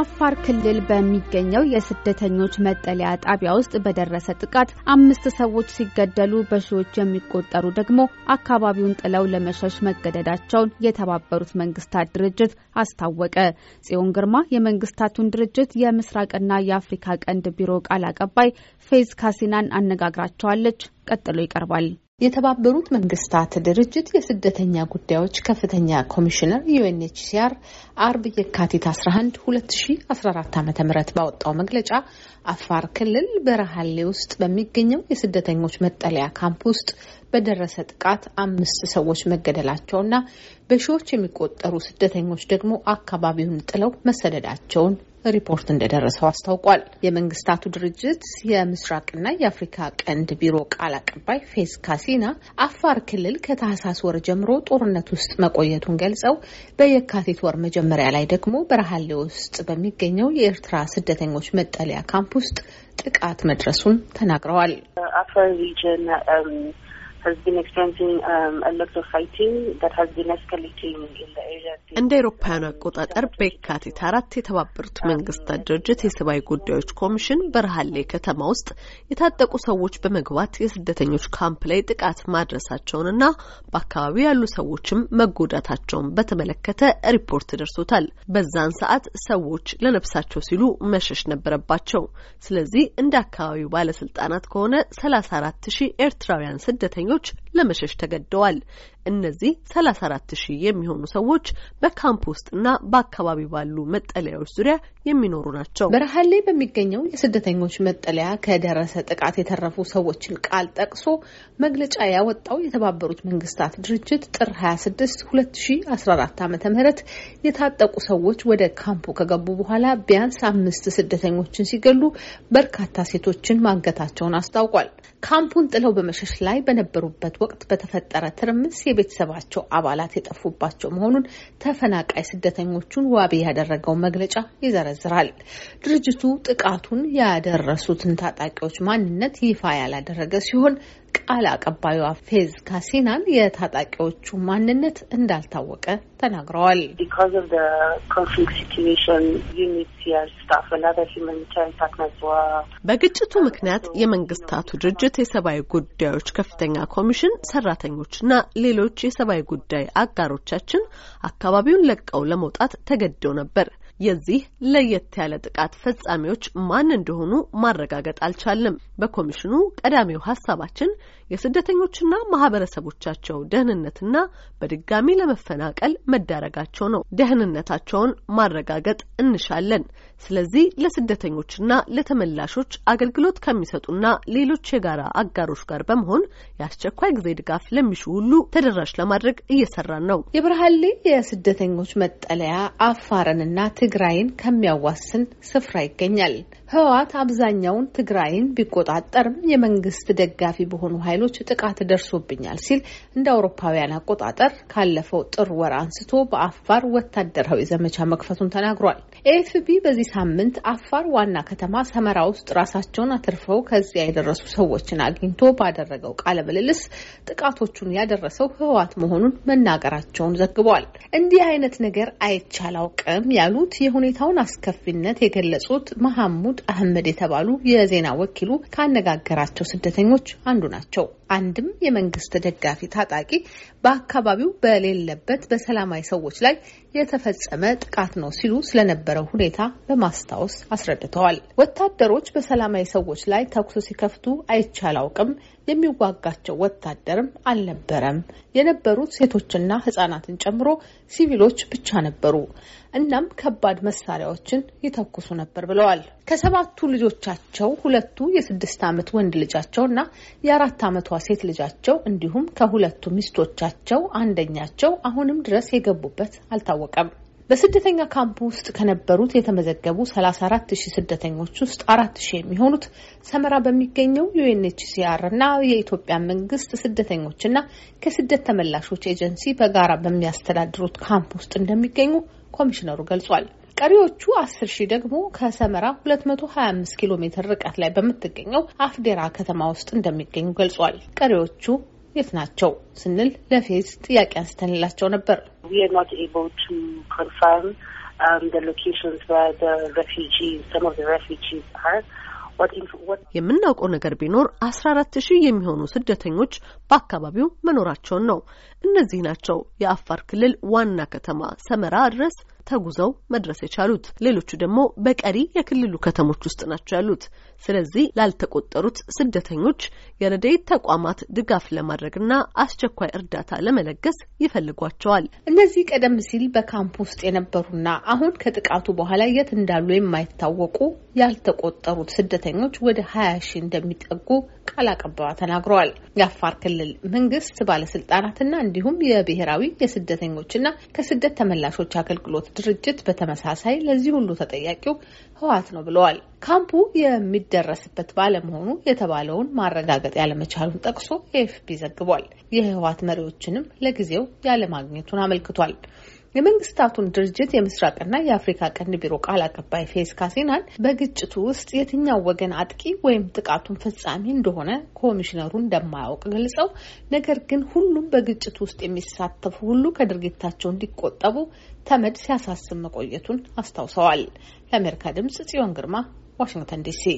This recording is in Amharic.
አፋር ክልል በሚገኘው የስደተኞች መጠለያ ጣቢያ ውስጥ በደረሰ ጥቃት አምስት ሰዎች ሲገደሉ በሺዎች የሚቆጠሩ ደግሞ አካባቢውን ጥለው ለመሸሽ መገደዳቸውን የተባበሩት መንግስታት ድርጅት አስታወቀ። ጽዮን ግርማ የመንግስታቱን ድርጅት የምስራቅና የአፍሪካ ቀንድ ቢሮ ቃል አቀባይ ፌዝ ካሲናን አነጋግራቸዋለች። ቀጥሎ ይቀርባል። የተባበሩት መንግስታት ድርጅት የስደተኛ ጉዳዮች ከፍተኛ ኮሚሽነር ዩኤንኤችሲአር አርብ የካቲት 11 2014 ዓ ም ባወጣው መግለጫ አፋር ክልል በረሃሌ ውስጥ በሚገኘው የስደተኞች መጠለያ ካምፕ ውስጥ በደረሰ ጥቃት አምስት ሰዎች መገደላቸውና በሺዎች የሚቆጠሩ ስደተኞች ደግሞ አካባቢውን ጥለው መሰደዳቸውን ሪፖርት እንደደረሰው አስታውቋል። የመንግስታቱ ድርጅት የምስራቅና የአፍሪካ ቀንድ ቢሮ ቃል አቀባይ ፌዝ ካሲና አፋር ክልል ከታህሳስ ወር ጀምሮ ጦርነት ውስጥ መቆየቱን ገልጸው በየካቲት ወር መጀመሪያ ላይ ደግሞ በረሃሌ ውስጥ በሚገኘው የኤርትራ ስደተኞች መጠለያ ካምፕ ውስጥ ጥቃት መድረሱን ተናግረዋል። uh, እንደ አውሮፓውያኑ አቆጣጠር በየካቲት አራት የተባበሩት um, መንግስታት ድርጅት የሰብአዊ ጉዳዮች ኮሚሽን በረሃሌ ከተማ ውስጥ የታጠቁ ሰዎች በመግባት የስደተኞች ካምፕ ላይ ጥቃት ማድረሳቸውንና በአካባቢው ያሉ ሰዎችም መጎዳታቸውን በተመለከተ ሪፖርት ደርሶታል። በዛን ሰዓት ሰዎች ለነፍሳቸው ሲሉ መሸሽ ነበረባቸው። ስለዚህ እንደ አካባቢው ባለስልጣናት ከሆነ ሰላሳ አራት ሺህ ኤርትራውያን ስደተኞች ኃይሎች ለመሸሽ ተገደዋል። እነዚህ 34 ሺህ የሚሆኑ ሰዎች በካምፕ ውስጥና በአካባቢ ባሉ መጠለያዎች ዙሪያ የሚኖሩ ናቸው። በረሃሌ በሚገኘው የስደተኞች መጠለያ ከደረሰ ጥቃት የተረፉ ሰዎችን ቃል ጠቅሶ መግለጫ ያወጣው የተባበሩት መንግስታት ድርጅት ጥር 26 2014 ዓ ም የታጠቁ ሰዎች ወደ ካምፑ ከገቡ በኋላ ቢያንስ አምስት ስደተኞችን ሲገሉ በርካታ ሴቶችን ማገታቸውን አስታውቋል። ካምፑን ጥለው በመሸሽ ላይ በነበሩበት ወቅት በተፈጠረ ትርምስ የቤተሰባቸው አባላት የጠፉባቸው መሆኑን ተፈናቃይ ስደተኞቹን ዋቢ ያደረገው መግለጫ ይዘረዝራል። ድርጅቱ ጥቃቱን ያደረሱትን ታጣቂዎች ማንነት ይፋ ያላደረገ ሲሆን ቃል አቀባዩ ፌዝ ካሲናን የታጣቂዎቹ ማንነት እንዳልታወቀ ተናግረዋል። በግጭቱ ምክንያት የመንግስታቱ ድርጅት የሰብአዊ ጉዳዮች ከፍተኛ ኮሚሽን ሰራተኞችና ሌሎች የሰብአዊ ጉዳይ አጋሮቻችን አካባቢውን ለቀው ለመውጣት ተገደው ነበር። የዚህ ለየት ያለ ጥቃት ፈጻሚዎች ማን እንደሆኑ ማረጋገጥ አልቻለም። በኮሚሽኑ ቀዳሚው ሀሳባችን የስደተኞችና ማህበረሰቦቻቸው ደህንነትና በድጋሚ ለመፈናቀል መዳረጋቸው ነው። ደህንነታቸውን ማረጋገጥ እንሻለን። ስለዚህ ለስደተኞችና ለተመላሾች አገልግሎት ከሚሰጡና ሌሎች የጋራ አጋሮች ጋር በመሆን የአስቸኳይ ጊዜ ድጋፍ ለሚሹ ሁሉ ተደራሽ ለማድረግ እየሰራን ነው። የብርሃሌ የስደተኞች መጠለያ አፋርንና ትግራይን ከሚያዋስን ስፍራ ይገኛል። ህወሓት አብዛኛውን ትግራይን ቢቆጣጠርም የመንግስት ደጋፊ በሆኑ ኃይሎች ጥቃት ደርሶብኛል ሲል እንደ አውሮፓውያን አቆጣጠር ካለፈው ጥር ወር አንስቶ በአፋር ወታደራዊ ዘመቻ መክፈቱን ተናግሯል። ኤኤፍፒ በዚህ ሳምንት አፋር ዋና ከተማ ሰመራ ውስጥ ራሳቸውን አትርፈው ከዚያ የደረሱ ሰዎችን አግኝቶ ባደረገው ቃለ ምልልስ ጥቃቶቹን ያደረሰው ህወሓት መሆኑን መናገራቸውን ዘግቧል። እንዲህ አይነት ነገር አይቻል አውቅም ያሉት ወቅት የሁኔታውን አስከፊነት የገለጹት መሐሙድ አህመድ የተባሉ የዜና ወኪሉ ካነጋገራቸው ስደተኞች አንዱ ናቸው። አንድም የመንግስት ደጋፊ ታጣቂ በአካባቢው በሌለበት በሰላማዊ ሰዎች ላይ የተፈጸመ ጥቃት ነው ሲሉ ስለነበረው ሁኔታ በማስታወስ አስረድተዋል። ወታደሮች በሰላማዊ ሰዎች ላይ ተኩስ ሲከፍቱ አይቻል አውቅም። የሚዋጋቸው ወታደርም አልነበረም። የነበሩት ሴቶችና ህጻናትን ጨምሮ ሲቪሎች ብቻ ነበሩ። እናም ከባድ መሳሪያዎችን ይተኩሱ ነበር ብለዋል። ከሰባቱ ልጆቻቸው ሁለቱ የስድስት ዓመት ወንድ ልጃቸው እና የአራት ዓመቷ ሴት ልጃቸው እንዲሁም ከሁለቱ ሚስቶቻቸው አንደኛቸው አሁንም ድረስ የገቡበት አልታወቀም። በስደተኛ ካምፕ ውስጥ ከነበሩት የተመዘገቡ 34 ሺህ ስደተኞች ውስጥ አራት ሺህ የሚሆኑት ሰመራ በሚገኘው ዩኤንኤችሲአር እና የኢትዮጵያ መንግስት ስደተኞችና ከስደት ተመላሾች ኤጀንሲ በጋራ በሚያስተዳድሩት ካምፕ ውስጥ እንደሚገኙ ኮሚሽነሩ ገልጿል። ቀሪዎቹ አስር ሺህ ደግሞ ከሰመራ 225 ኪሎ ሜትር ርቀት ላይ በምትገኘው አፍዴራ ከተማ ውስጥ እንደሚገኙ ገልጿል። ቀሪዎቹ የት ናቸው ስንል ለፌዝ ጥያቄ አንስተንላቸው ነበር። um, የምናውቀው ነገር ቢኖር አስራ አራት ሺህ የሚሆኑ ስደተኞች በአካባቢው መኖራቸውን ነው። እነዚህ ናቸው የአፋር ክልል ዋና ከተማ ሰመራ ድረስ ተጉዘው መድረስ የቻሉት፣ ሌሎቹ ደግሞ በቀሪ የክልሉ ከተሞች ውስጥ ናቸው ያሉት። ስለዚህ ላልተቆጠሩት ስደተኞች የረድኤት ተቋማት ድጋፍ ለማድረግና አስቸኳይ እርዳታ ለመለገስ ይፈልጓቸዋል። እነዚህ ቀደም ሲል በካምፕ ውስጥ የነበሩና አሁን ከጥቃቱ በኋላ የት እንዳሉ የማይታወቁ ያልተቆጠሩት ስደተኞች ወደ ሀያ ሺህ እንደሚጠጉ ቃል አቀባዋ ተናግረዋል። የአፋር ክልል መንግስት ባለስልጣናትና እንዲሁም የብሔራዊ የስደተኞችና ከስደት ተመላሾች አገልግሎት ድርጅት በተመሳሳይ ለዚህ ሁሉ ተጠያቂው ህወሓት ነው ብለዋል። ካምፑ የሚደረስበት ባለመሆኑ የተባለውን ማረጋገጥ ያለመቻሉን ጠቅሶ ኤኤፍፒ ዘግቧል። የህወሓት መሪዎችንም ለጊዜው ያለማግኘቱን አመልክቷል። የመንግስታቱን ድርጅት የምስራቅና የአፍሪካ ቀንድ ቢሮ ቃል አቀባይ ፌስ ካሲናን በግጭቱ ውስጥ የትኛው ወገን አጥቂ ወይም ጥቃቱን ፈጻሚ እንደሆነ ኮሚሽነሩ እንደማያውቅ ገልጸው፣ ነገር ግን ሁሉም በግጭቱ ውስጥ የሚሳተፉ ሁሉ ከድርጊታቸው እንዲቆጠቡ ተመድ ሲያሳስብ መቆየቱን አስታውሰዋል። ለአሜሪካ ድምጽ ጽዮን ግርማ ዋሽንግተን ዲሲ